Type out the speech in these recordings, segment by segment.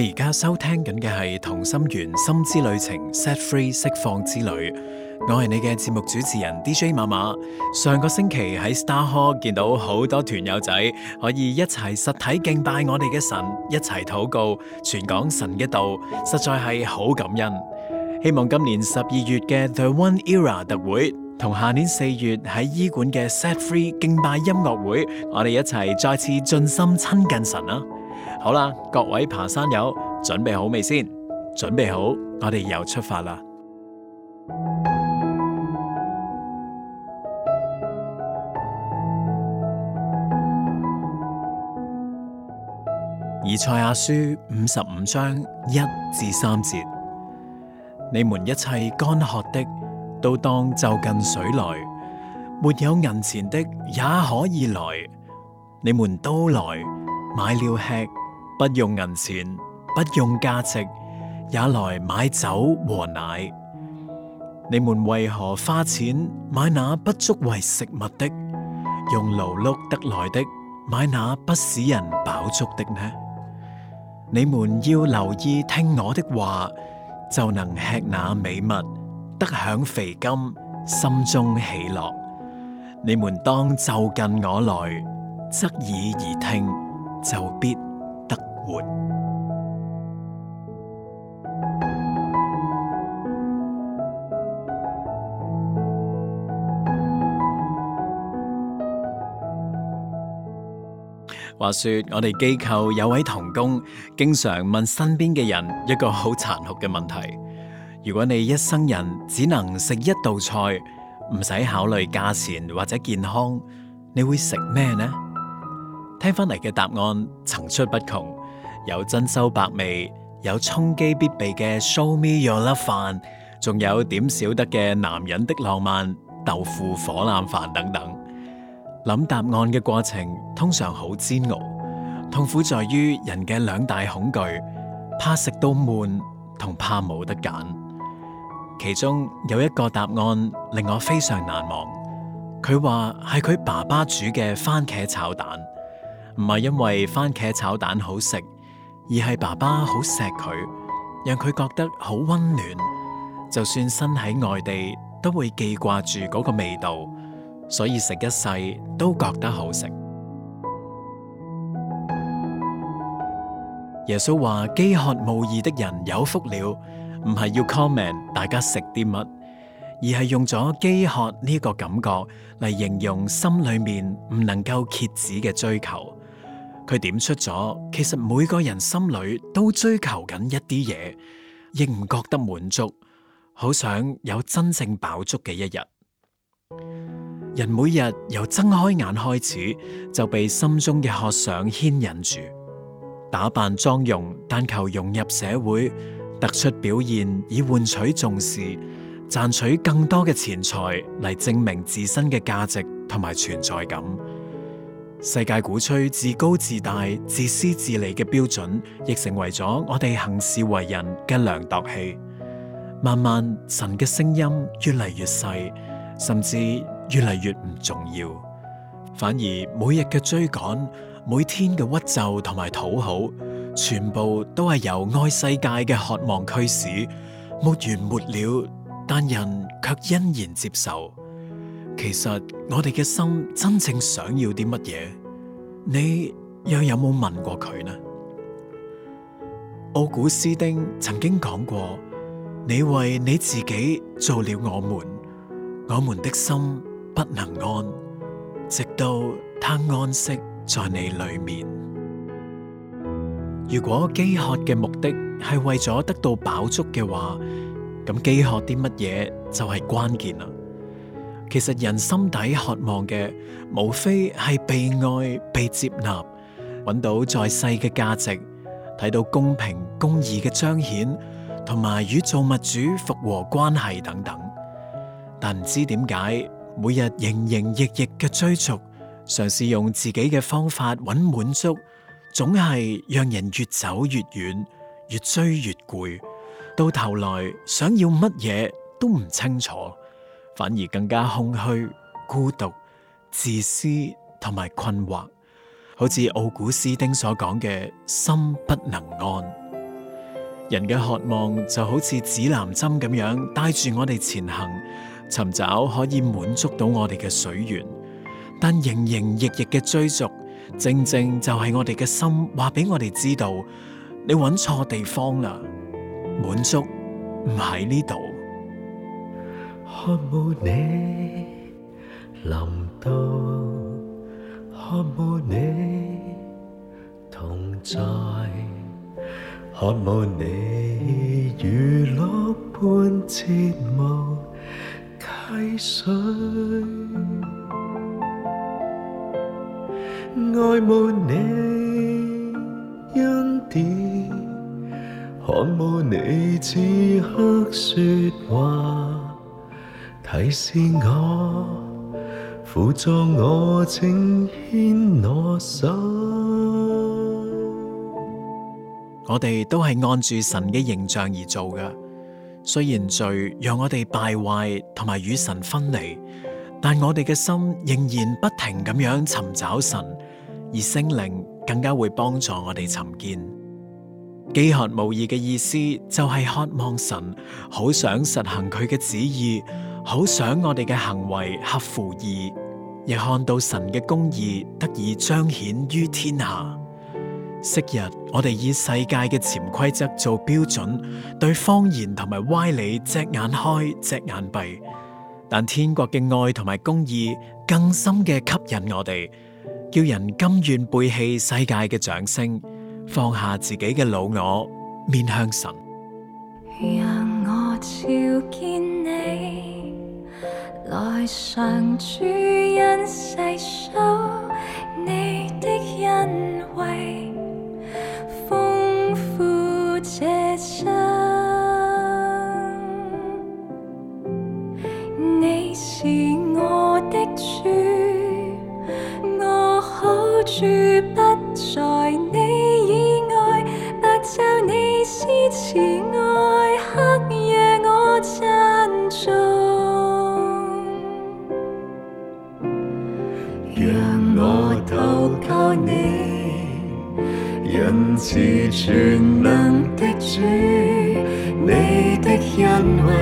你而家收聽緊嘅係同心圓心之旅程 Set Free 釋放之旅，我係你嘅節目主持人 DJ 馬馬。上個星期喺 Star Hall 見到好多團友仔可以一齊實體敬拜我哋嘅神，一齊禱告，傳講神嘅道，實在係好感恩。希望今年十二月嘅 The One Era 特會同下年四月喺伊館嘅 Set Free 敬拜音樂會，我哋一齊再次盡心親近神。好啦，各位爬山友，準備好未先？準備好，我哋又出發啦。以賽亞書五十五章一至三節：你們一切乾渴的，都當就近水來；沒有銀錢的，也可以來。你們都來，買了吃。不用銀錢，不用價值，也來買酒和奶。你們為何花錢買那不足為食物的？用勞碌得來的買那不使人飽足的呢？你們要留意聽我的話，就能吃那美物，得享肥甘，心中喜樂。你們當就近我來，側耳而聽，就必。話說，我哋機構有位童工，經常問身邊嘅人一個好殘酷嘅問題：如果你一生人只能食一道菜，唔使考慮價錢或者健康，你會食咩呢？聽翻嚟嘅答案層出不窮。有珍饈百味，有充飢必備嘅「Show Me Your Love」飯，仲有點少得嘅男人的浪漫豆腐火腩飯等等。諗答案嘅過程通常好煎熬，痛苦在於人嘅兩大恐懼：怕食到悶，同怕冇得揀。其中有一個答案令我非常難忘，佢話係佢爸爸煮嘅番茄炒蛋，唔係因為番茄炒蛋好食。而係爸爸好錫佢，讓佢覺得好溫暖。就算身喺外地，都會記掛住嗰個味道，所以食一世都覺得好食。 耶穌話：飢 渴慕義的人有福了。唔係要 comment 大家食啲乜，而係用咗飢渴呢個感覺嚟形容心裏面唔能夠遏止嘅追求。佢點出咗，其實每個人心裏都追求緊一啲嘢，亦唔覺得滿足，好想有真正飽足嘅一日。人每日由睜開眼開始，就被心中嘅渴想牽引住，打扮妝容，但求融入社會，突出表現以換取重視，賺取更多嘅錢財嚟證明自身嘅價值同埋存在感。世界鼓吹自高自大、自私自利嘅標準，亦成為咗我哋行事為人嘅量度器。慢慢，神嘅聲音越嚟越細，甚至越嚟越唔重要。反而每日嘅追趕，每天嘅屈就同埋討好，全部都係由愛世界嘅渴望驅使，沒完沒了，但人卻欣然接受。其實我哋嘅心真正想要啲乜嘢？你又有冇問過佢呢？奧古斯丁曾經講過：你為你自己做了我們，我們的心不能安，直到他安息在你裏面。如果飢渴嘅目的係為咗得到飽足嘅話，咁飢渴啲乜嘢就係關鍵啦。其實人心底渴望嘅，無非係被愛、被接納，搵到在世嘅價值，睇到公平公義嘅彰顯，同埋與造物主復和關係等等。但唔知點解，每日營營役役嘅追逐，嘗試用自己嘅方法搵滿足，總係讓人越走越遠，越追越攰，到頭來想要乜嘢都唔清楚。反而更加空虛、孤獨、自私同埋困惑，好似奧古斯丁所講嘅心不能安。人嘅渴望就好似指南針咁樣帶住我哋前行，尋找可以滿足到我哋嘅水源。但營營役役嘅追逐，正正就係我哋嘅心話俾我哋知道，你揾錯地方啦，滿足唔喺呢度。渴慕祢臨到，渴慕祢同在，渴慕祢如鹿般切慕溪水，愛慕祢恩典，渴慕祢此刻說話。提示我，輔助我，請牽我手。我哋都係按住神嘅形象而做嘅。雖然罪讓我哋敗壞同埋與神分離，但我哋嘅心仍然不停咁樣尋找神，而聖靈更加會幫助我哋尋見。飢渴慕義嘅意思就係渴望神，好想實行佢嘅旨意。好想我哋嘅行為合乎義，亦看到神嘅公義得以彰顯於天下。昔日我哋以世界嘅潛規則做標準，對謊言同埋歪理隻眼開隻眼閉，但天國嘅愛同埋公義更深嘅吸引我哋，叫人甘願背棄世界嘅掌聲，放下自己嘅老我，面向神。讓我朝見你。來嘗主恩細數你。讓我投靠你，恩慈全能的主，你的恩惠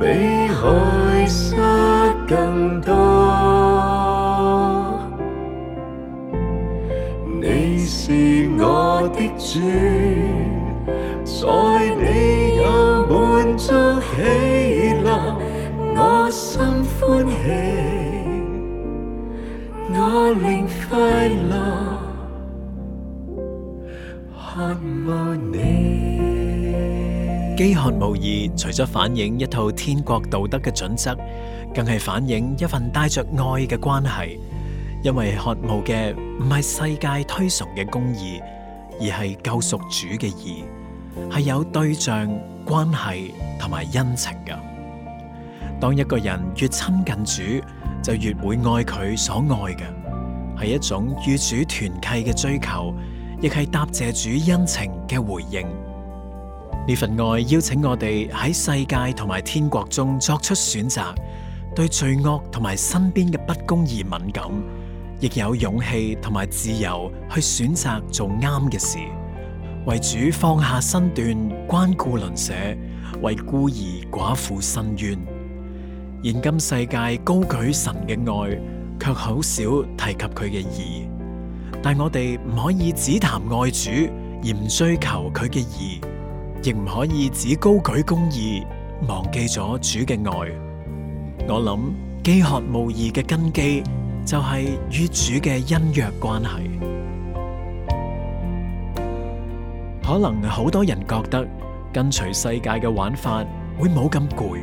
比海沙更多。你是我的主。飢渴慕義除咗反映一套天國道德嘅準則，更係反映一份帶着愛嘅關係。因為渴慕嘅唔係世界推崇嘅公義，而係救贖主嘅義，係有對象關係同埋恩情嘅。當一個人越親近主，就越會愛佢所愛嘅，係一種與主團契嘅追求，亦係答謝主恩情嘅回應。呢份愛邀請我哋喺世界同埋天國中作出選擇，對罪惡同埋身邊嘅不公而敏感，亦有勇氣同埋自由去選擇做啱嘅事，為主放下身段，關顧鄰舍，為孤兒寡婦伸冤。現今世界高舉神嘅愛，卻好少提及佢嘅義。但我哋唔可以只談愛主而唔追求佢嘅義，亦唔可以只高舉公義，忘記咗主嘅愛。我諗飢渴慕義嘅根基就係與主嘅恩約關係。可能好多人覺得跟隨世界嘅玩法會冇咁攰。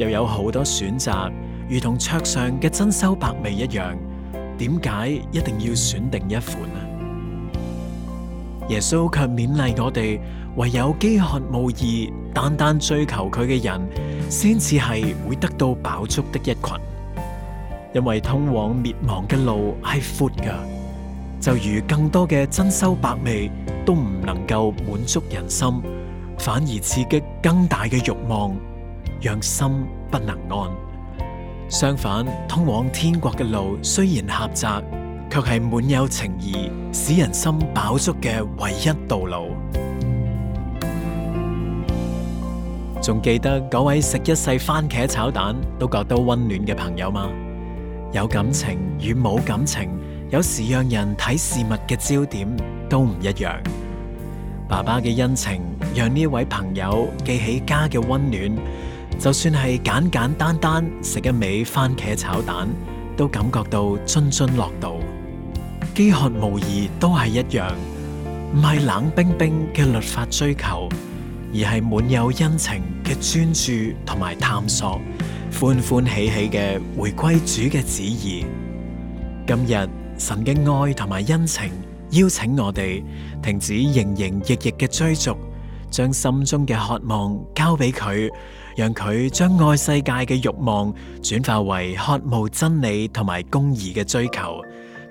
又有好多選擇，如同桌上嘅珍饈百味一樣，點解一定要選定一款呢？耶穌卻勉勵我哋，唯有飢渴慕義、單單追求佢嘅人，先至係會得到飽足的一群。因為通往滅亡嘅路係闊㗎，就如更多嘅珍饈百味都唔能夠滿足人心，反而刺激更大嘅慾望。讓心不能安。相反，通往天國嘅路雖然狹窄，卻係滿有情義，使人心飽足嘅唯一道路。仲 記得嗰位食一世番茄炒蛋都覺得溫暖嘅朋友嗎？有感情與冇感情，有時讓人睇事物嘅焦點都唔一樣。爸爸嘅恩情，讓呢位朋友記起家嘅溫暖。就算係簡簡單單食一味蕃茄炒蛋，都感覺到津津樂道。飢渴慕義都係一樣，唔係冷冰冰嘅律法追求，而係滿有恩情嘅專注同埋探索，歡歡喜喜嘅回歸主嘅旨意。今日神嘅愛同埋恩情邀請我哋停止營營役役嘅追逐。將心中嘅渴望交俾佢，讓佢將愛世界嘅慾望轉化為渴慕真理同埋公義嘅追求，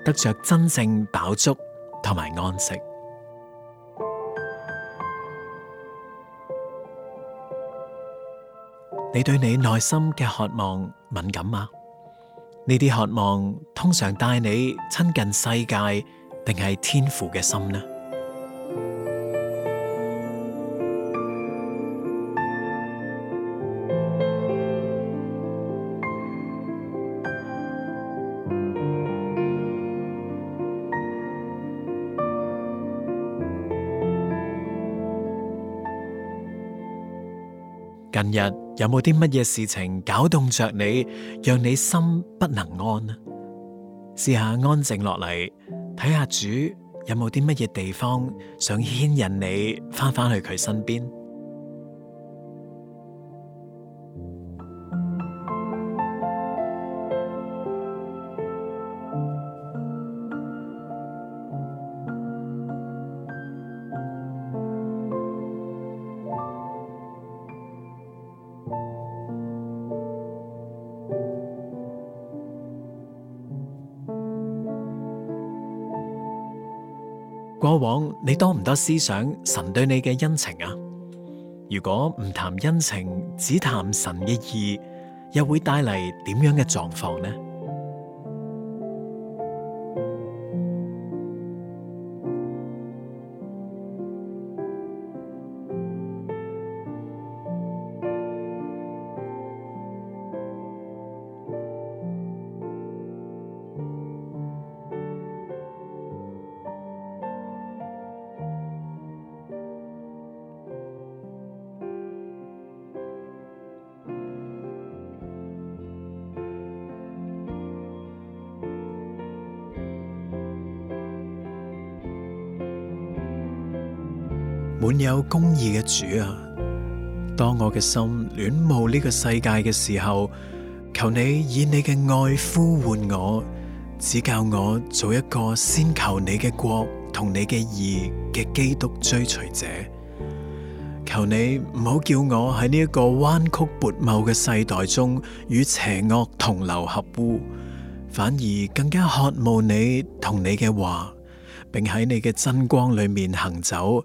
得着真正飽足同埋安息。你對你內心嘅渴望敏感嗎？呢啲渴望通常帶你親近世界，定係天父嘅心呢？日有冇啲乜嘢事情攪動着你，讓你心不能安呢？試下安靜落嚟，睇下主有冇啲乜嘢地方想牽引你翻返去佢身邊。過往你多唔多思想神對你嘅恩情啊？如果唔談恩情，只談神的義，又會帶嚟點樣嘅狀況呢？本有公義嘅主啊！當我嘅心軟慕呢個世界嘅時候，求你以你嘅愛呼喚我，只教我做一個先求你嘅國同你嘅義嘅基督追隨者。求你唔好叫我喺呢一個彎曲撥茂嘅世代中與邪惡同流合污，反而更加渴慕你同你嘅話，並喺你嘅真光裏面行走。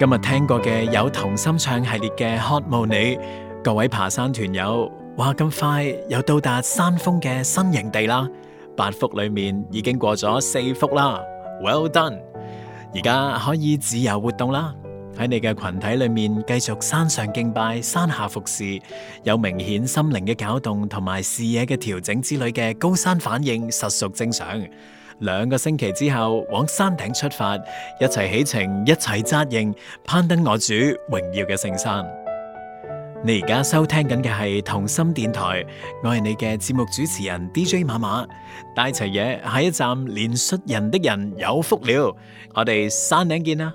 今日聽過嘅有同心唱系列嘅渴慕祢，各位爬山團友，話咁快又到達山峰嘅新營地啦，八福裏面已經過咗四福啦，well done，而家可以自由活動啦，喺你嘅群體裏面繼續山上敬拜，山下服侍，有明顯心靈嘅攪動同埋視野嘅調整之類嘅高山反應，實屬正常。兩個星期之後往山頂出發，一齊啟程，一齊紮營，攀登我主榮耀嘅聖山。你而家收聽緊嘅係同心電台，我係你嘅節目主持人 DJ 馬馬，帶齊嘢，下一站憐恤人的人有福了，我哋山頂見啦。